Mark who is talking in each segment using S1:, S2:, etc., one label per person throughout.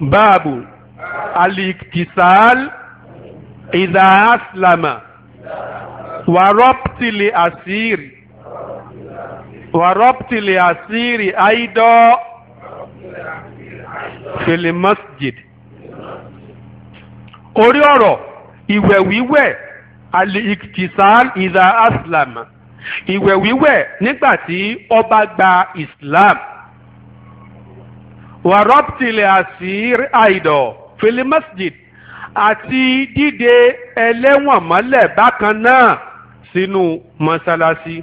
S1: báàbù aliktisal ìdá aslama warọ́pìtìlì àṣírí warọ́pìtìlì àṣírí àìdọ́ fèlè masjid orí ọ̀rọ̀ ìwẹ̀ wíwẹ̀ aliktisal ìdá aslama ìwẹ̀ wíwẹ̀ nígbà tí ó bá gba islam wàrọ́pìtìlẹ̀ àti àìdọ̀ filimasjid àti dídè ẹlẹ́wọ̀n mọ́lẹ̀ bákan náà sínú mọ́sálásí.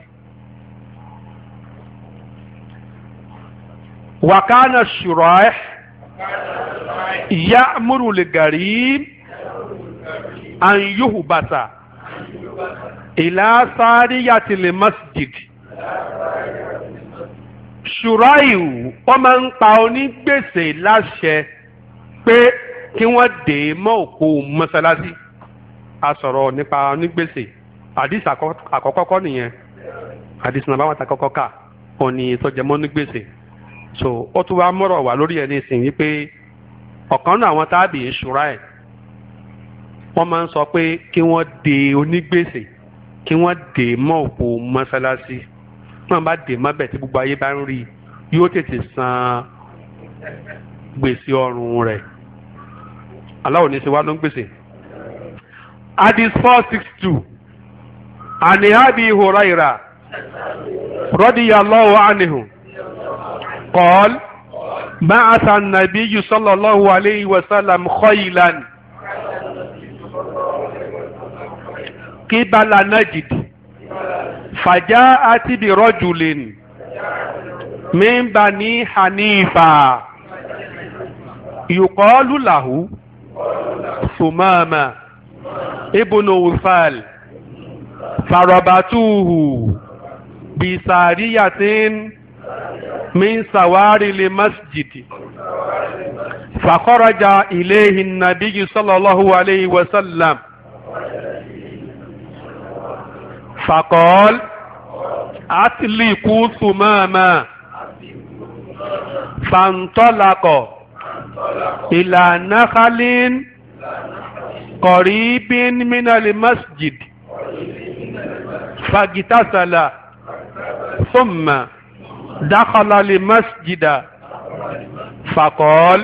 S1: wàkánà ṣùrọ̀ ẹ̀ ìyá múrùlẹ̀gàrí àyùhùbàtà ìlà sáríyàtìlẹ̀ masjid ṣùráìwù wọ́n máa ń pa onígbèsè láṣẹ pé kí wọ́n dè é mọ́ òkú mọ́sálásí a sọ̀rọ̀ nípa onígbèsè àdìs àkọ́kọ́ kọ́ nìyẹn àdìs nàbà wọn àtàkọ́kọ́ kà òní ìtọ́jẹmọ́ onígbèsè so ó tún wá mọ́rọ̀ wá lórí ẹ̀ nísìnyí pé ọ̀kan náà àwọn táàbì ìṣúra ẹ̀ wọ́n máa ń sọ pé kí wọ́n dè onígbèsè kí wọ́n dè mọ́ òkú mọ́sálásí náà bá dè mọ́bẹ̀ tí gbogbo ayé bá ń rí yóò tètè san gbèsè ọrùn rẹ̀ aláwo ní í ṣe wá ló ń gbèsè. hadith four six two ani abi huraira radiyallahu anhu qol ba'atha an-nabiyyu sallallahu alayhi wa sallam khaylan qibala najd fàjá àti bìrọ́jùlìn mímba ní hanifa yùkọ́ọ́lù làhù sùmọ́ọ̀mà ibùnú wùfàl farabatuhu bisariyatin min sawari li masjidi fakọrọjà iléhi nàbíyí sallallahu alayhi wa sallam
S2: fakọọl
S1: àtìlíkù sùmọ́ọ̀mọ́
S2: fàǹtọ́lakọ̀
S1: ìlànà khalin kọ̀rìbín mínàlì masjid fagitasala summa dakhalali masjida fakọ́l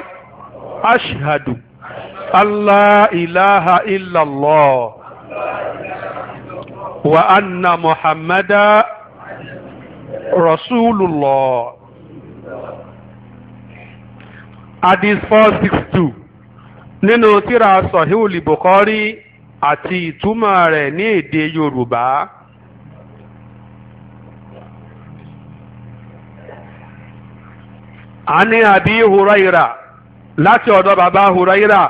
S1: ashhadu allah ilaha illallah wa anna muhammada. Rasulullah. Hadith four 462 nínú tíra Sahihul Bukhari àti ìtumọ̀ rẹ̀ ní èdè Yorùbá. ani abi huraira láti ọ̀dọ̀ baba huraira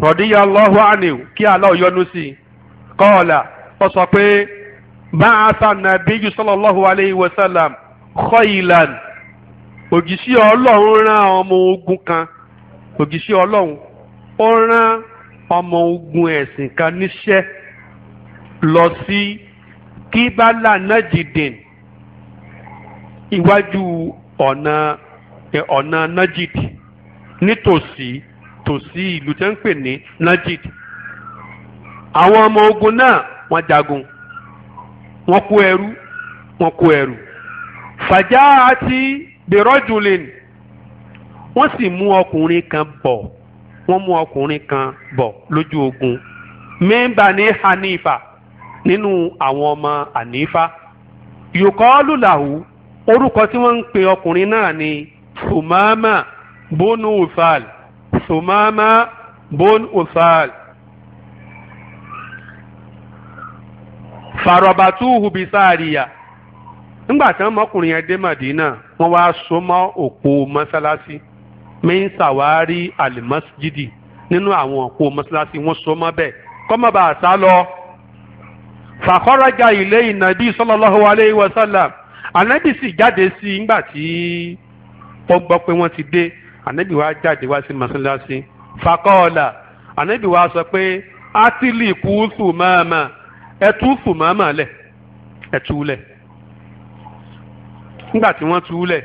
S1: rọ̀díyà lọ́hùn àní kí Allah yọ́nú sí i kọ́ọ̀là ó sọ pé. báàtà nàbíyù sallallahu alayhi wa sallam khaylan ògìsí ọlọ́run rán ọmọ ogun kan ògìsí ọlọ́run ó rán ọmọ ogun ẹ̀sìn kan níṣẹ́ lọ sí kíbálà najidin iwájú ọ̀nà ọ̀nà najid nítòsí tòsí ìlú tẹ́ ń pè ní najid àwọn ọmọ ogun náà wọ́n jagun wọ́n kó ẹrú wọ́n kó ẹrú fàjà àti bèrọ́jùlìn wọ́n sì mú ọkùnrin kan bọ̀ wọ́n mú ọkùnrin kan bọ̀ lójú ogun mẹ́ńbà ní hanifa nínú àwọn ọmọ hanifa yòókọ́ lùlàhù orúkọ tí wọ́n ń pe ọkùnrin náà ni sùmámà bónú ufal sùmámà bónú ufal fàrọ̀bàtúhù bíi sáàríyà nígbà tí wọn mọkùnrin yẹn dé Madina wọn wá so mọ́ òpó mọ́sálásí min sàwárí àlìmọ́síjìdì nínú àwọn òpó mọ́sálásí wọn so mọ́ bẹ́ẹ̀ kọ́mọ́ bá a sá lọ. fàkọ́rọ́jà ilé ìnàbí sallallahu alayhi wa sallam ànábì sì jáde sí i nígbà tí ó gbọ́ pé wọ́n ti dé ànábì wa jáde wá sí mọ́sálásí fàkọ́ọ̀là ànábì wa sọ pé átìlì kùsù mọ́ọ̀mọ́ ẹtú fùmọ́mọ́ lẹ̀ ẹtú lẹ̀ nígbà tí wọ́n tú lẹ̀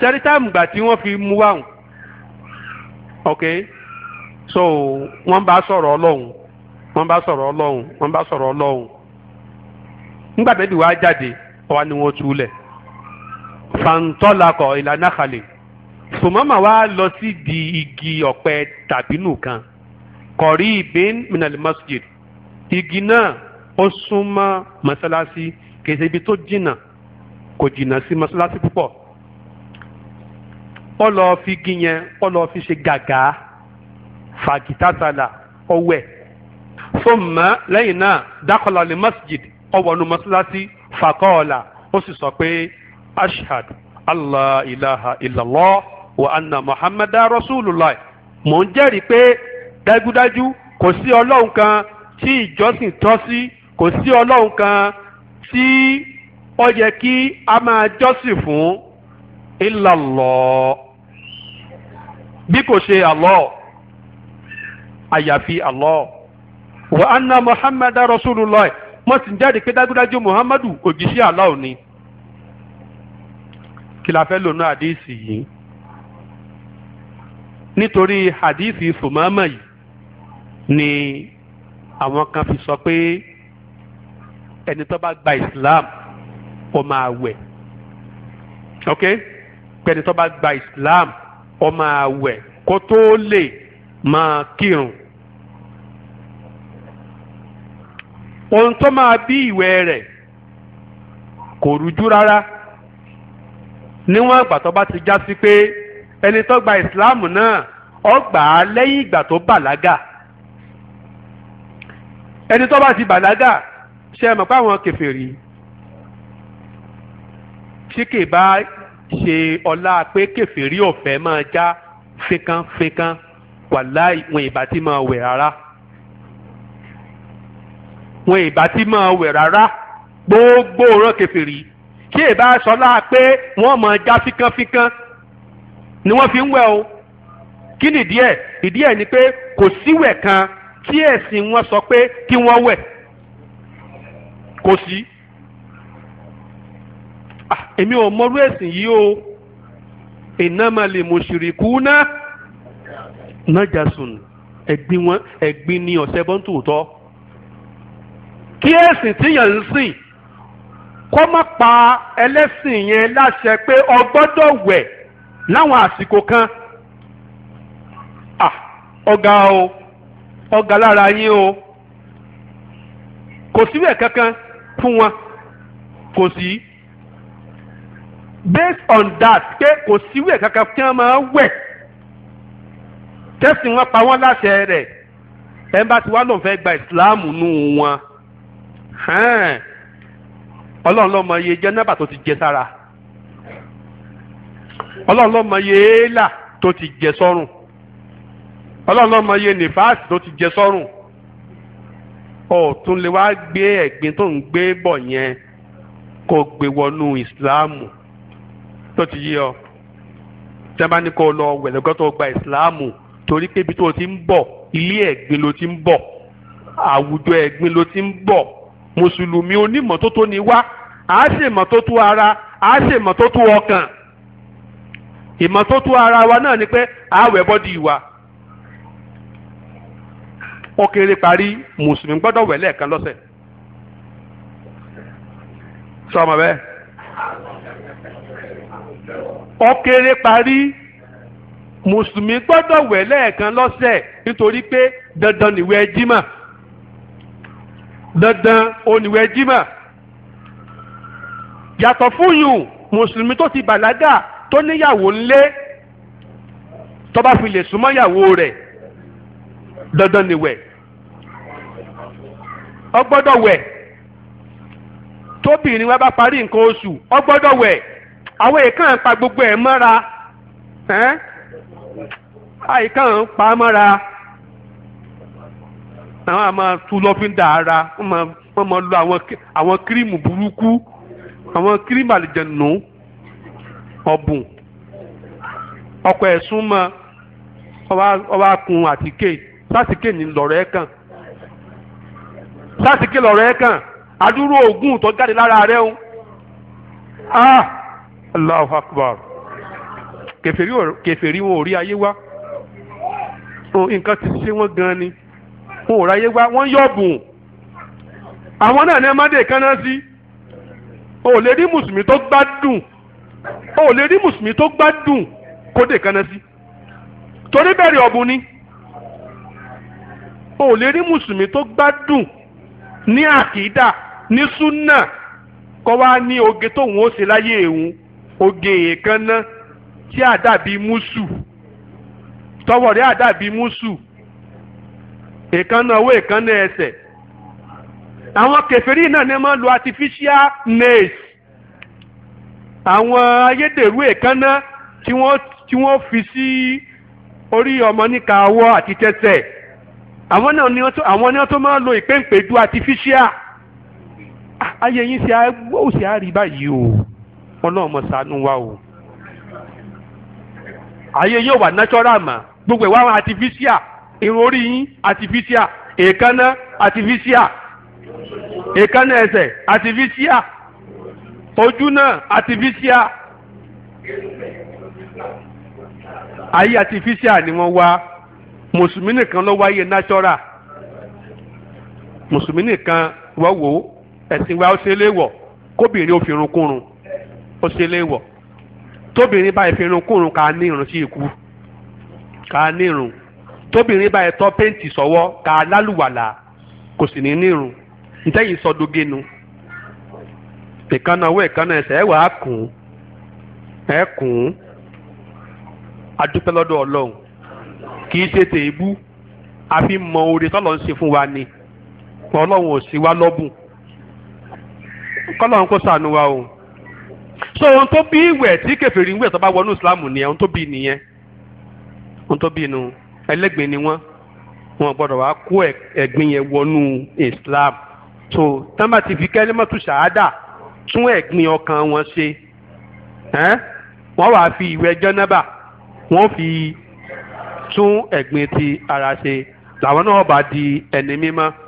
S1: sẹ́rí táàmù gbà tí wọ́n fi mú wáhùn ok so wọ́n bá sọ̀rọ̀ ọlọ́hun wọ́n bá sọ̀rọ̀ ọlọ́hun wọ́n bá sọ̀rọ̀ ọlọ́hun nígbà tẹ́bi wá jáde wá ni wọ́n tú lẹ̀ fàǹtọ́lakọ̀ ìlànà kalẹ̀ fùmọ́mọ́ wá lọ sí di igi ọ̀pẹ tàbínú kan kọ̀rí ìbín minal masjid igi náà ó súnmọ́ mọ́sálásí masalasi ṣe ibi tó jìnnà kò jìnnà sí mọ́sálásí púpọ̀ ó fi igi ó fi ṣe gàgà ọwẹ́ fúnmọ́ lẹ́yìn náà dákọ̀lá lè masjid ó masalasi fàkọ́ọ̀là ó sì sọ pé ashad allah ilaha illallah wa anna muhammadu mò ń jẹ́rìí pé kò sí ọlọ́run kan tí ó yẹ kí a máa jọ́sìn fún illallah bí kò ṣe Allah àyàfi Allah wa anna muhammadu rasulullah wọ́n sì ń pé dájúdájú muhammadu òjíṣẹ́ Allah ni kí la fẹ́ lónú àdéhìsì yìí nítorí àdéhìsì sùmọ́mọ́ yìí ni àwọn kan fi sọ pé ẹni tó bá gba Islam ó máa wẹ̀ ok pẹni tó bá gba Islam ó máa wẹ̀ kó tó lè máa kírun. ohun tó máa bí ìwẹ̀ rẹ̀ kò rújú rárá níwọ̀n ìgbà tó bá ti já sí pé ẹni tó gba Islam náà ó gbà á lẹ́yìn ìgbà tó bàlágà ẹni tó bá ti bàlágà ṣe mọ̀ pé àwọn kèfèrí tí kì bá ṣe ọlá pé kèfèrí ọ̀fẹ́ máa já fínkanfínkan wàláì wọn ìbá tí máa wẹ̀ rárá wọn ìbá tí máa wẹ̀ rárá gbogbo ọ̀rọ̀ kèfèrí kí ìbá sọlá pé wọ́n máa já fínkanfínkan ni wọ́n fi ń wẹ̀ o kí nìdí ẹ̀ ìdí ẹ̀ ni pé kò síwẹ̀ kan tí ẹ̀sìn wọn sọ pé kí wọ́n wẹ̀. kó sí ah, èmi ò mọrú ẹ̀sìn yìí o ìnámalè mùsùlùkúnà nájàsùn ẹ̀gbin wọn ẹ̀gbin ni ọ̀sẹ̀ bọ́n tòótọ́ kí ẹ̀sìn tíyàn ń sìn kọ́ má pa ẹlẹ́sìn yẹn láṣẹ pé o gbọ́dọ̀ wẹ̀ láwọn àsìkò kan ah, ọ̀gá o ọ̀gá lára yín o kò síwẹ̀ kankan fún wọn kò sí based on that pé kò síwẹ̀ kankan kí wọ́n máa wẹ̀ tẹ́sí wọn pa wọ́n láṣẹ rẹ̀ ẹ̀ ń bá ti wá lóun fẹ́ gba ìsìláàmù nù wọn ọlọ́run ló mọ iye jẹ́nẹ́bà tó ti jẹ sára ọlọ́run ló mọ iye éèlà tó ti jẹ sọ́rùn ọlọ́run ló mọ iye nìfàásì tó ti jẹ sọ́rùn o lè wá gbé ẹ̀gbin tó ń gbé bọ̀ yẹn kó gbé wọnú ìsìláàmù tó ti yí ọ lọ gba ìsìláàmù torí pé ibi tó ti ń bọ̀ ilé ẹ̀gbin ló ti ń bọ̀ àwùjọ ẹ̀gbin ló ti ń bọ̀ mùsùlùmí ni wá àá ara ara wa náà ni pé àá wa. ó kéré parí mùsùlùmí gbọ́dọ̀ wẹ̀ lẹ́ẹ̀kan lọ́sẹ̀ sọ ọmọ bẹ́ẹ̀ ó kéré parí mùsùlùmí gbọ́dọ̀ wẹ̀ lẹ́ẹ̀kan lọ́sẹ̀ nítorí pé dandan nìwẹ̀ jímà dandan oníwẹ̀ jímà yàtọ̀ fún yùn mùsùlùmí tó ti bàlágà tó níyàwó ńlé tó bá fi lè súnmọ́ yàwó rẹ̀ dandan nìwẹ̀ ọ gbọ́dọ̀ wẹ̀ tóbìnrin wa bá parí nǹkan oṣù ọ gbọ́dọ̀ wẹ̀ àwọn èèkàn pa gbogbo ẹ̀ mọ́ra àìkàn pa mọ́ra àwọn àmọ́ tu lọ́fíńdà ara wọ́n mọ lo àwọn kírímù burúkú àwọn kírímù àlìjẹ̀nù ọ̀bùn ọkọ̀ ẹ̀sùn mọ́ ọba kun àtìkè sátìkè ní lọ́rẹ́ kàn sáàsì kí lọ̀rọ̀ ẹ kàn adúrú oògùn tó jáde lára rẹ ń. ah Allahu Akbar kèfèrí wọn ò rí ayé wá nǹkan ti ṣe wọ́n gan ni wọn ò ráyé wá wọ́n yọ̀bùn àwọn náà ní ẹmọ́dé kaná sí o lè rí mùsùlùmí tó gbádùn o lè rí mùsùlùmí tó gbádùn kó dé kaná sí torí bẹ̀rẹ̀ ọ̀bùn ni o lè rí mùsùlùmí tó gbádùn ní àkìdá ní súnà kọ́ wá ní oge tóun ó ṣe láyé òun oge èèkánná tí àdàbí mùsù tọwọ́ rẹ̀ àdàbí mùsù èèkánná owó èèkánná ẹsẹ̀ àwọn kẹfẹ́rì náà ni wọ́n lo artificial nails àwọn ayédèrú èèkánná tí wọ́n fi sí orí ọmọ níka ọwọ́ àti tẹ́sẹ̀ àwọn náà ni àwọn ni wọ́n tó máa ń lo ìpéǹpéjú artificial ah, ayé yín ṣe ó ṣe á rí báyìí o ọlọ́run mọ̀ ṣàánú wa o ayé yóò wà natural mà gbogbo ẹ̀ wá wọn artificial irun yín artificial èékánná artificial èékánná ẹsẹ̀ artificial ojú náà artificial ayé artificial ni wọ́n wá. mùsùlùmí nìkan ló wáyé natural mùsùlùmí nìkan wọ́n wò ó ẹ̀sìn wa ó ṣe léèwọ̀ kóbìnrin ó fi irun kúrun ó ṣe léèwọ̀ tóbìnrin báyìí fi irun kúrun ká ní irun sí ikú ká ní irun tóbìnrin báyìí tọ́ péǹtì sọ́wọ́ ká lálùwàlà kò sì ní ní irun ntẹ́yìn sọdógé nu ìkànnà owó ìkànnà ẹsẹ̀ ẹ̀ wàá kùn ẹ̀ kùn adúpẹ́ lọ́dọ̀ ọlọ́run kì í ṣe tèébú àfi mọ oore tọ́lọ̀ ń ṣe fún wa ni ọlọ́run ò sí wa lọ́bùn kọ́lọ́run kó sànù wa o so ohun tó bí ìwẹ̀ tí kèfèrí ń wẹ̀ tó bá wọnú ìsìlámù nìyẹn ohun tó bí nìyẹn ohun tó bí inú ẹlẹ́gbìn ni wọ́n wọn gbọ́dọ̀ wá kó ẹ̀gbin yẹn wọnú islam so tánbà ti fi kẹ́lẹ́mọ́tò ṣáádà tún ẹ̀gbin ọkàn wọn ṣe wọ́n wàá fi ìwẹ̀ jẹ́nẹ́bà wọ́n fi tún ẹ̀gbin ti ara ṣe làwọn náà bá di ẹni mímọ́.